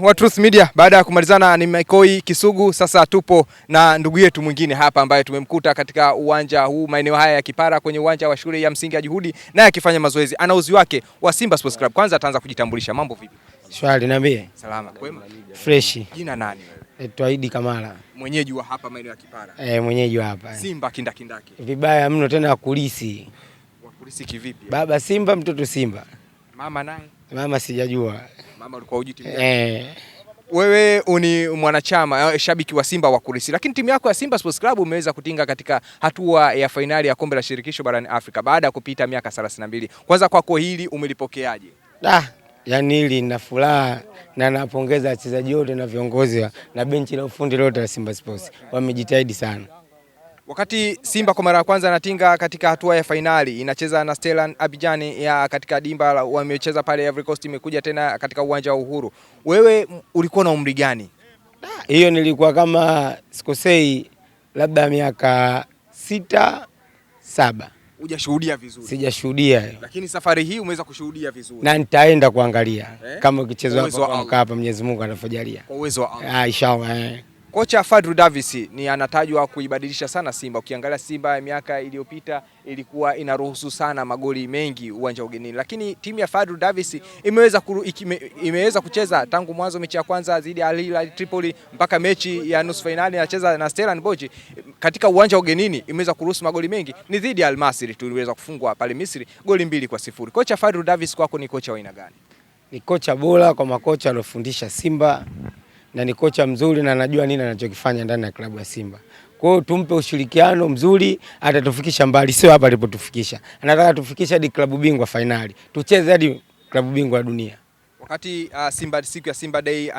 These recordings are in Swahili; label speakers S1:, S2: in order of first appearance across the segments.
S1: wa Truth Media baada ya kumalizana ni Mikoi Kisugu, sasa tupo na ndugu yetu mwingine hapa ambaye tumemkuta katika uwanja huu maeneo haya ya Kipara kwenye uwanja wa shule ya msingi ya Juhudi, naye akifanya mazoezi. Ana uzi wake wa Simba Sports Club. Kwanza ataanza kujitambulisha. Mambo vipi?
S2: Shwari, niambie.
S1: Salama. Kwema. Fresh. Jina nani?
S2: Naitwa Idi Kamala.
S1: Mwenyeji wa hapa maeneo ya Kipara.
S2: Eh, mwenyeji wa hapa.
S1: Simba kindakindaki.
S2: Vibaya mno tena wakulisi.
S1: Wakulisi kivipi?
S2: Baba Simba, mtoto Simba. Mama naye Mama sijajua.
S1: Mama ulikuwa hujui timu Eh. Wewe ni mwanachama eh, shabiki wa Simba wa Kurisi, lakini timu yako ya Simba Sports Club umeweza kutinga katika hatua ya fainali ya kombe la shirikisho barani Afrika baada ya kupita miaka 32. Kwanza kwako hili umelipokeaje?
S2: Ah, yani hili na furaha na napongeza wachezaji wote na viongozi na benchi la ufundi lote la Simba Sports, wamejitahidi sana.
S1: Wakati Simba kwa mara ya kwanza anatinga katika hatua ya fainali, inacheza na Stelan Abidjan ya katika dimba wamecheza pale Ivory Coast, imekuja tena katika uwanja wa Uhuru. Wewe ulikuwa na umri gani
S2: hiyo? Nilikuwa kama sikosei, labda miaka sita saba.
S1: Hujashuhudia vizuri?
S2: Sijashuhudia,
S1: lakini safari hii umeweza kushuhudia vizuri
S2: na nitaenda kuangalia eh, kama ukichezwa hapa Mwenyezi Mungu anavojalia, kwa uwezo wa Allah ah, inshallah. Eh.
S1: Kocha Fadru Davis ni anatajwa kuibadilisha sana Simba. Ukiangalia Simba ya miaka iliyopita ilikuwa inaruhusu sana magoli mengi uwanja wa ugenini, lakini timu ya Fadru Davis imeweza, kuru, ikime, imeweza kucheza tangu mwanzo mechi ya kwanza dhidi ya Al Hilal Tripoli mpaka mechi ya nusu fainali anacheza na Stellenbosch katika uwanja wa ugenini, imeweza kuruhusu magoli mengi. Ni dhidi ya Almasri Masry tuliweza kufungwa pale Misri goli mbili kwa sifuri. Kocha Fadru Davis kwako ni kocha wa aina gani?
S2: Ni kocha bora kwa makocha aliofundisha Simba na ni kocha mzuri na anajua nini anachokifanya ndani ya klabu ya Simba. Kwa hiyo tumpe ushirikiano mzuri, atatufikisha mbali, sio hapa alipotufikisha. Anataka tufikishe hadi klabu bingwa fainali, tucheze hadi klabu bingwa ya dunia.
S1: Wakati uh, Simba siku ya Simba Day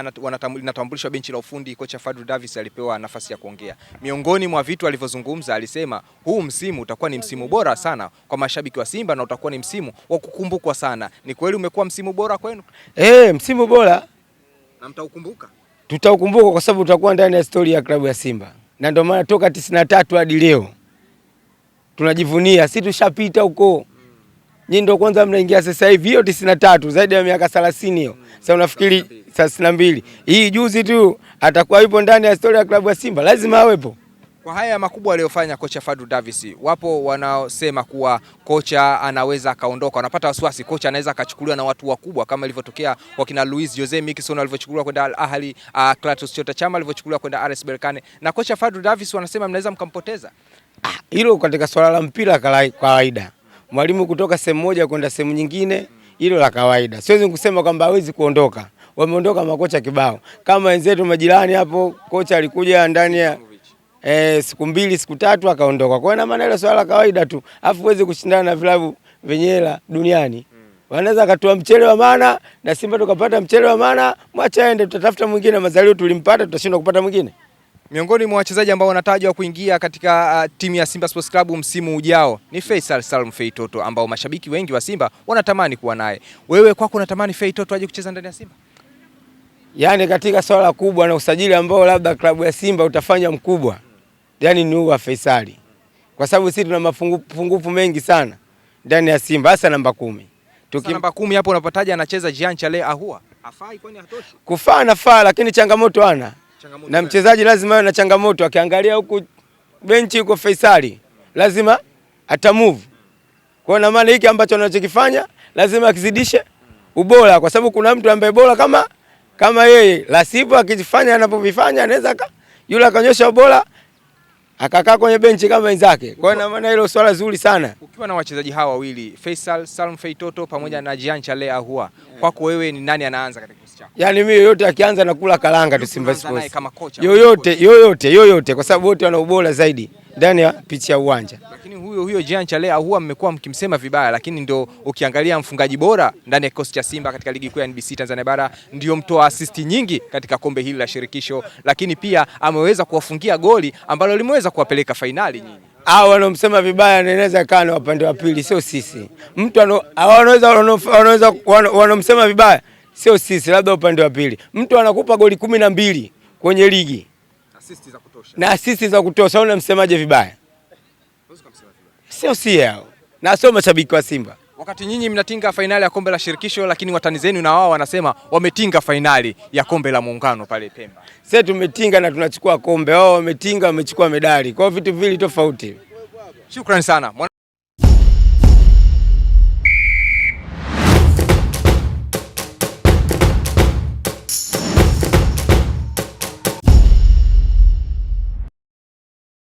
S1: inatambulishwa benchi la ufundi, kocha Fadru Davis alipewa nafasi ya kuongea. Miongoni mwa vitu alivyozungumza, alisema huu msimu utakuwa ni msimu bora sana kwa mashabiki wa Simba na utakuwa ni msimu wa kukumbukwa sana. Ni kweli umekuwa msimu bora kwenu?
S2: Eh, msimu bora
S1: na mtaukumbuka
S2: tutaukumbuka kwa sababu tutakuwa ndani ya historia ya klabu ya Simba, na ndio maana toka tisini na tatu hadi leo tunajivunia, si tushapita huko nyinyi ndio kwanza mnaingia sasa hivi. Hiyo tisini na tatu zaidi ya miaka thelathini hiyo. Sasa unafikiri thelathini na mbili hii juzi tu atakuwa yupo ndani ya historia ya klabu ya Simba, lazima awepo.
S1: Kwa haya makubwa aliyofanya kocha Fadu Davis, wapo wanaosema kuwa kocha anaweza akaondoka, wanapata wasiwasi kocha anaweza akachukuliwa na watu wakubwa kama ilivyotokea kwa kina Luis Jose Miquissone alivyochukuliwa kwenda Al Ahli, uh, Clatous Chota Chama alivyochukuliwa kwenda RS Berkane, na kocha Fadu Davis wanasema mnaweza mkampoteza.
S2: Ah, Hilo katika swala la mpira kawaida, mwalimu kutoka sehemu moja kwenda sehemu nyingine, hilo la kawaida. Siwezi kusema kwamba hawezi kuondoka, wameondoka makocha kibao kama wenzetu majirani hapo. Kocha alikuja ndani ya e, siku mbili siku tatu akaondoka. Kwa hiyo maana ile swala kawaida tu, afu uweze kushindana na vilabu vyenyewe duniani mm. wanaweza akatoa mchele wa maana na Simba tukapata mchele wa maana, mwacha aende, tutatafuta mwingine. Mazalio tulimpata, tutashindwa kupata mwingine.
S1: Miongoni mwa wachezaji ambao wanatajwa kuingia katika uh, timu ya Simba Sports Club msimu ujao ni Faisal Salum Feitoto ambao mashabiki wengi wa Simba wanatamani kuwa naye. Wewe kwako unatamani Feitoto aje kucheza ndani ya Simba?
S2: Yaani katika swala kubwa na usajili ambao labda klabu ya Simba utafanya mkubwa yani ni wa Faisali, kwa sababu sisi tuna mapungufu mengi sana ndani ya Simba, hasa namba kumi.
S1: Tuki... namba kumi hapo unapotaja anacheza Jean Charles Ahua, afai, kwani hatoshi?
S2: Kufaa nafaa, lakini changamoto ana changamoto na mchezaji lazima awe na changamoto. Akiangalia huku benchi huko Faisali lazima move kwa na maana hiki ambacho anachokifanya lazima akizidishe ubora, kwa sababu kuna mtu ambaye bora kama kama yeye, la akifanya anapovifanya anaweza yule akanyosha ubora akakaa kwenye benchi kama wenzake. Kwa hiyo maana hilo swala zuri sana.
S1: Ukiwa na wachezaji hawa wawili Faisal Salum Feitoto pamoja na Jean Charles Ahoua, kwako wewe ni nani anaanza katika
S2: yaani mimi yoyote akianza nakula kalanga tu Simba Sports, yoyote yoyote yoyote, kwa sababu wote wana ubora zaidi ndani ya pichi ya uwanja.
S1: Lakini huyo huyo Jean Chalea huwa mmekuwa mkimsema vibaya, lakini ndio ukiangalia mfungaji bora ndani ya kikosi cha Simba katika ligi kuu ya NBC Tanzania bara, ndio mtoa asisti nyingi katika kombe hili la shirikisho, lakini pia ameweza kuwafungia goli ambalo limeweza kuwapeleka fainali nyingi.
S2: Hao wanaomsema vibaya anaweza kaa na wa pili, sio sisi. Mtu wanaweza wanaomsema vibaya sio sisi, labda upande wa pili, mtu anakupa goli kumi na mbili kwenye ligi na asisti za kutosha, unamsemaje vibaya? Sio si yao na sio mashabiki wa Simba.
S1: Wakati nyinyi mnatinga fainali ya kombe la shirikisho, lakini watani zenu na wao wanasema wametinga fainali ya kombe la muungano pale Pemba.
S2: Sisi tumetinga na tunachukua kombe, wao wametinga wamechukua medali, kwa vitu vili tofauti.
S1: Shukrani sana.